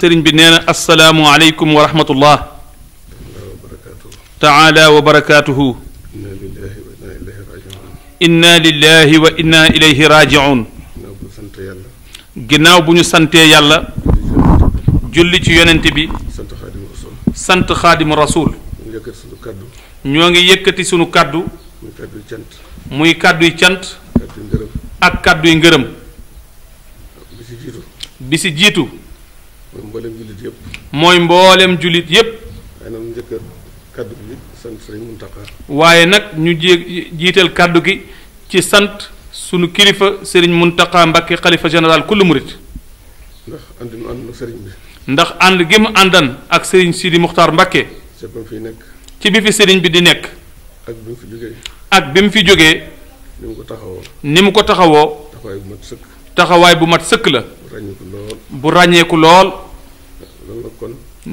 ترين بنينا السلام عليكم ورحمة الله تعالى وبركاته إنا لله وإنا إليه راجعون جناو بني سنتي يلا جلي تيون انتبي سنت خادم الرسول نيوانجي يكتي سنو كادو موي كادو يشنت أك كادو ينجرم بسي جيتو mooy mboolem jullit yëpp. mooy mbooleem jullit yëpp. waaye nag ñu njëkk kaddu gi waaye nag ñu jé jiital gi ci sant sunu kilifa sëriñ Muntaxa Mbakke xalifa général kullu murit. ndax ànd ñu ak sëriñ bi. ndax ànd gi mu àndan ak sëriñ Sidi Muxtaar Mbakke. ci bi fi nekk. ci bi sëriñ bi di nekk. ak bi mu fi jógee. ak mu ni mu ko taxawoo. bu mat taxawaay bu mat sëkk la. bu ràññeeku lool.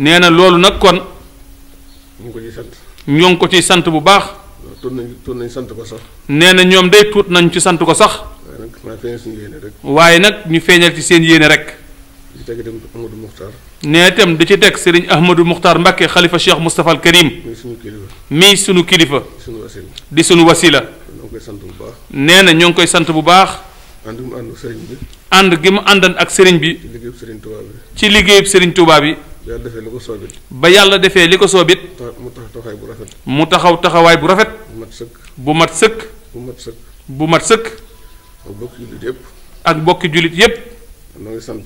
nee na loolu nag kon. ñoo ngi ko ciy sant bu baax. tuut nañ tuut nañ sant ko sax. nee na ñoom day tuut nañ ci sant ko sax. waaye nag ñu feeñal ci seen yéene rek. nee tam di ci teg Serigne Ahmadou Muxtaar Mbacke xalifa Cheikh Moustapha al Karim. mii sunu kilifa. di sunu wasila. nee na ñoo ngi koy sant bu baax. ànd ak Serigne ànd gi mu àndan ak sëriñ bi. ci liggéeyub sëriñ Touba bi. ba yàlla defee li ko soobit mu taxaw taxawaay bu rafet. mu taxaw taxawaay bu rafet. bu mat sëkk. bu mat sëkk. bu mat sëkk. ak bokki jullit yépp ak sant.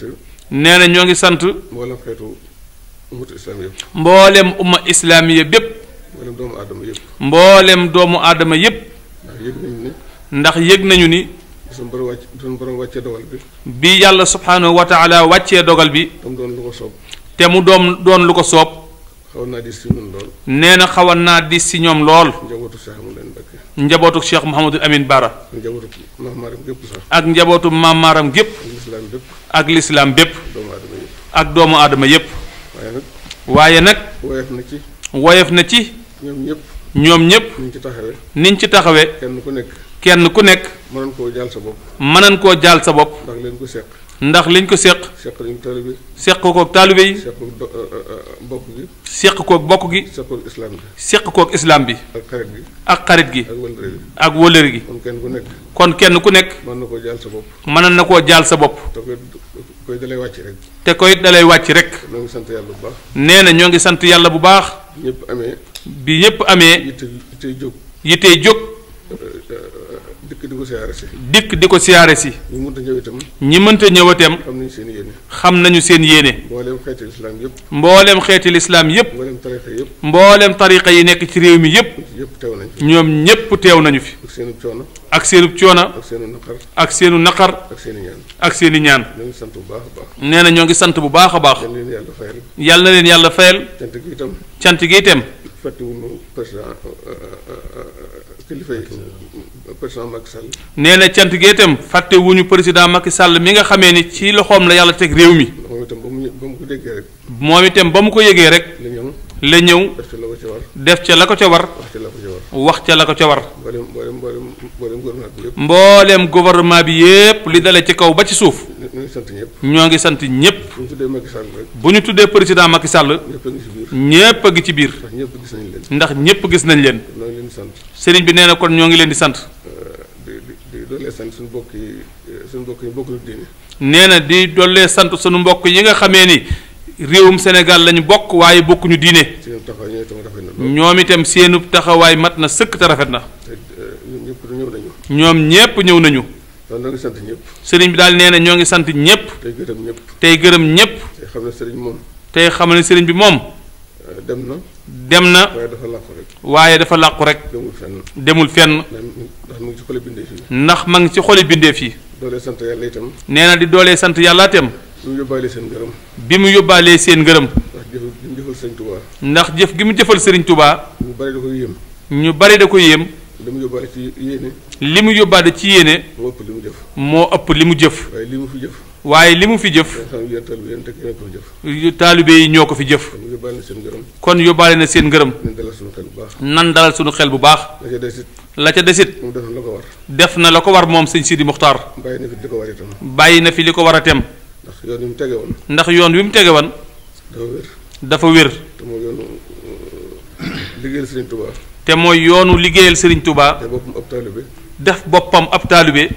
nee na ñoo ngi sant. mboolem xeetu ummatu islaam yépp. mboolem bépp. mboolem doomu aadama yépp. mboolem doomu aadama yépp. ndax yëg ndax yëg nañu ni. suñu borom wàcc suñu borom wàccee dogal bi. yàlla subhaanahu wa taala wàccee dogal bi. te mu doon te mu doon doon lu ko soob. xawoon naa nee na xawoon naa di si ñoom lool. njabootu Cheikh Mouhamadou Mbacké. njabootu Cheikh Mouhamadou Amine Bara. ak njabootu maam maaram gépp ak njabootu maam maaram gépp. ak lislaam bépp. ak lislaam bépp. doomu aadama yépp waaye nag. waaye na ci. na ci. ñoom ñëpp. ñoom niñ ci taxawee. niñ ci taxawee. kenn ku nekk. kenn ku nekk. mënan koo jaal sa bopp. mënan koo jaal sa bopp. ndax liñ ko seq. ndax liñ ko seq. seq nañ taalibe. seq koog taalibe yi. seq koog euh, euh, bokk gi. seq koog bokk gi. seq koog islam bi. seq bi. ak xarit gi. ak xarit ak wëllëri gi. kon ku nekk. kon kenn ku nekk. mën na koo jaal sa bopp. mënan na koo jaal sa bopp. koy dalay wàcc rek. te koy dalay wàcc rek. ñoo ngi sant nee na ñoo ngi sant yàlla bu baax. bi ñëpp amee. bi ñëpp amee. yittey jóg. yittey jóg. Euh, dikk di ko siyaare si. di ko siyaare si. ñi mënta ñëw itam. ñi mënta ñëw xam nañu seen yéene. xam nañu seen yéene. mbooleem xeeti lislaam yëpp. mbooleem xeeti lislaam yëpp. mbooleem tariqa yëpp. yi nekk ci réew mi yëpp. yëpp ñoom ñëpp teew nañu fi. ak seenu coono. ak seenu coono. ak seenu naqar. ak seenu naqar. ak seeni ñaan. ak seeni ñaan. ñoo ngi sant bu baax a baax. na ñoo ngi sant bu baax a baax. yal na leen yàlla fayal. cant gi itam. cant gi itam. président Macky Sall. nee na cant gi itam fàtte wuñu président Macky Sall mi nga xamee ni ci loxoom la yàlla teg réew mi. moom itam ba mu ko déggee rek. la ñëw la ñëw. def ca la ko ca war. def ca la ko ca wax ca la ko ca war. mboolem mboolem mboolem gouvernement bi yëpp. mbooleem gouvernement bi yëpp li dalee ci kaw ba ci suuf. ñoo ngi sant ñëpp. ngi sant ñëpp. bu ñu tuddee président Macky Sall. a ñëpp a ngi ci biir. ndax ñëpp gis nañ leen. ndax ñëpp gis nañ leen. ñoo ngi leen di sëriñ bi nee na kon ñoo ngi leen di sant. Euh, di suñu mbokk yi euh, suñu mbokk yi bokkul nee na di dollee sant suñu mbokk yi nga xamee ni. réewum Sénégal lañu bokk waaye bokkuñu diine. ñoom itam seenu taxawaay mat na sëkk te rafet na. Euh, ñoom ñépp ñëw nañu. sëriñ bi daal nee na ñoo ngi sant ñépp. tey gërëm ñépp. tey gërëm ñépp. tey moom. tey xam ne sëriñ bi moom. Euh, dem na. dem na waaye dafa làqu rek. waaye dafa làqu rek. demul fenn. demul fenn. ndax mu ngi ndax ma ngi ci xoli bindeef yi. doolee sant yàlla itam. nee na di doolee sant yàlla itam. bi mu yóbbaalee seen ngërëm. bi mu yóbbaalee seen ngërëm. ndax jëf gi mu jëfal sëriñ Touba. ndax jëf gi mu jëfal sëriñ tubaa ñu bari da ko yéem. ñu bari da ko yéem. li mu yóbbaale ci yéene. li mu yóbbaale ci yéene. moo ëpp li mu moo ëpp li mu jëf. waaye fi jëf. waaye li mu fi jëf taalibe yi ñoo ko fi jëf kon yóbbaale na seen ngërëm nan dalal suñu xel bu baax la ca desit def na la ko war moom sëñ Sidi Muxtaar bàyyi na fi li ko war a tem ndax yoon wi mu tege woon dafa wér te mooy yoonu liggéeyal sëriñ Touba def boppam ab taalibe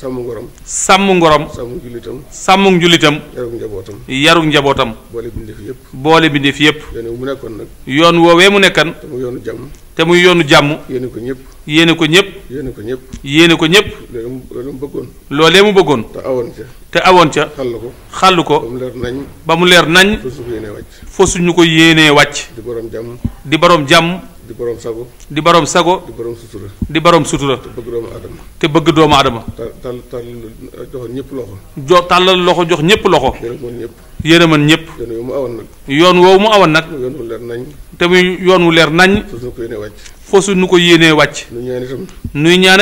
sàmm ngorom. sàmm ngorom. sàmm njullitam. sàmm njullitam. yarug njabootam. yarug njabootam. boole bindeef yëpp. boole bindeef yëpp. yoon wu nekkoon nag. yoon woowee mu nekkan. te muy yoonu jàmm. te muy yoonu jàmm. yéene ko ñëpp. yéene ko ñëpp. yéene ko ñëpp. yéene ko ñëpp. loolu mu bëggoon. loolee mu bëggoon. te awoon ca. te awoon ca. xàll ko. xàll ko. ba mu leer nañ. ba mu leer nañ. foo ko yéenee wàcc. di borom jàmm. jàmm. di borom sago. di borom sago. di sutura. di borom sutura. te bëgg doomu aadama. te bëgg doomu aadama. tàll tàll jox ñëpp loxo. jo tàllal loxo jox ñëpp loxo. yéen a mën ñëpp. yoon woowu mu awoon nag. yoon woowu mu awoon nag. yoon wu leer te muy yoon wu leer nañ. foofu nu ko yéenee wàcc. foofu nu ko yéenee wàcc. nuy ñaan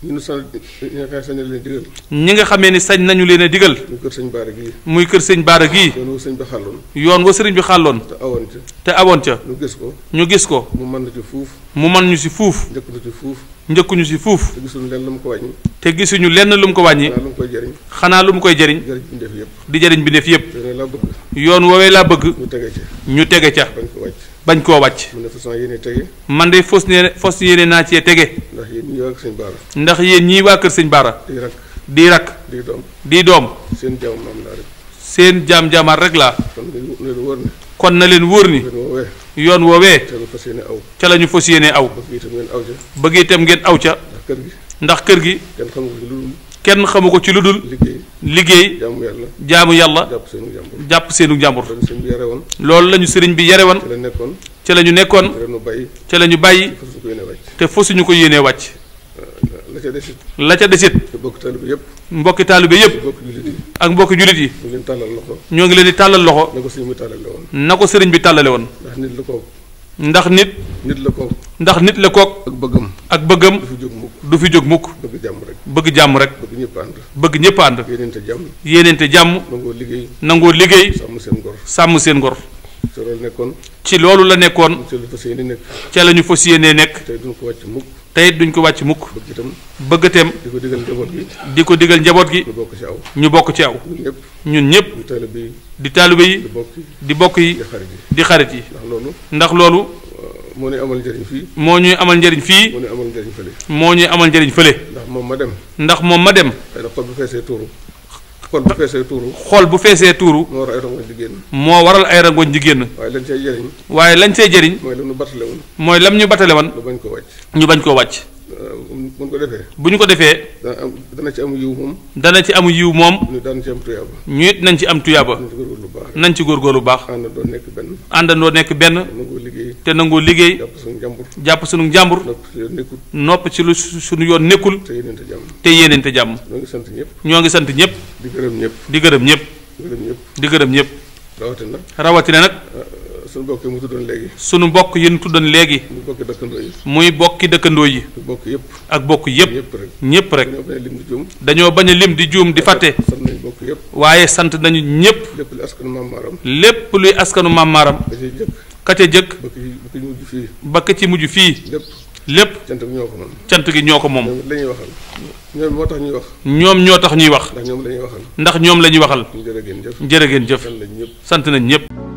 ñi nga xam ne sañ xamee ni sañ nañu leen a digal. muy kër sëñ Baara gii. muy kër sëñ Baara gii. yoon wa sëñ bi xàlloon. yoon wa sëriñ bi xàlloon. te awoon ca. te awoon ca. ñu gis ko. ñu gis ko. mu mën na fuuf. mu mën ñu si fuuf. njëkk na ci fuuf. njëkkuñu si fuuf. te gisuñu lenn lu mu ko wàññi. te gisuñu lenn lu mu ko wàññi. xanaa lu mu koy jëriñ. xanaa lu mu koy jëriñ. di jëriñ bindeef yëpp. yoon woowee laa bëgg. ñu tege ca. bañ koo wàcc. man de fos nee fos yéene naa cee tege. ndax yéen ñii waa kër sëñ Baara. ndax yéen ñii waa kër sëñ Baara. di rak di di doom seen jaam maam rek. seen jaam jaamaar rek laa. kon na leen wóor ni. yoon woowee. ca la ñu fas yéene aw. bëgg itam ngeen aw ca. ndax kër gi. kenn xamu ko ci lu dul. liggéey jaamu yàlla jaamu yàlla jàpp seenu jàmbur jàpp seenu jàmbur loolu la ñu sëriñ bi yare woon ca la ñu nekkoon ca la ñu bàyyi te ñu ko yéenee wàcc la ca desit mbokki taalibe yépp mbokki taalibe yëpp ak mbokki jullit yi ñoo ngi leen di tàllal loxo na ko sëriñ bi tàllale woon ndax nit ndax nit la kook ndax nit la kook ak bëggam ak bëggam du fi jóg mukk bëgg jàmm rek bëgg jàmm rek bëgg ñëpp ànd bëgg ñëpp ànd yéeneente jàmm yéeneente nangoo liggéey nangoo liggéey sàmm seen ngor sàmm seen ngor ci loolu ci loolu la nekkoon ca la ñu fas yéenee nekk tey duñ ko wàcc mukk tey duñ ko wàcc mukk bëggateem di ko digal njaboot gi di ko digal njaboot gi ñu bokk ci aw ñun ñëpp di taalibe yi di bokk yi di xarit yi ndax loolu moo ñuy amal njëriñ fii. moo ñuy amal njariñ fii. moo ñuy amal njëriñ fële. moo ñuy amal njëriñ fële. ndax moom ma dem. ndax moom ma dem. xëy na xol bu feesee tuuru. xol bu feesee tuuru. bu feesee tuuru. moo waral ay rangoñ di moo waral ay rangoñ di waaye lañ cay jëriñ. waaye lañ cay jariñ mooy lam ñu batale woon. mooy lam ñu batale woon. bañ koo wàcc. ñu bañ koo wàcc. Uh, bu ñu ko defee. bu ñu ko defee. dana ci am yiw moom. dana ci am yiw moom. ñu daan nañ ci am tuyaaba. baax nañ ci góorgóorlu bu baax. àndandoo nekk benn. àndandoo nekk benn. te nangoo liggéey. jàpp suñu jàmbur. jàpp suñu jàmbur. nopp ci lu suñu yoon nekkul. te yéeneente jàmm. te jàmm. ñoo ngi sant ñëpp. ñoo ngi sant ñëpp. di gërëm ñëpp. di gërëm ñëpp. di gërëm ñëpp. rawatina. rawatina nag. Ah, suñu mbokk yi mu tuddoon léegi. suñu mbokk yi ñu léegi. muy bokki dëkkandoo yi. dëkkandoo yi. ak bokk yëpp. ñëpp rek dañoo bañ a lim di juum di fàtte waaye sant nañu ñëpp. lépp luy askanu maam maaram. lépp luy askanu maam maaram. ka ca jëkk ba ka ci mujj fii. lépp cant gi ñoo ko moom. cant gi ñoo ko moom. ñoom moo tax ñuy wax. ñoom ñoo tax ñuy wax. ndax ñoom la ñuy waxal. ndax ñoom la ñuy waxal. jërë ngeen jëf jërë ngeen jëf. sant nañ ñëpp.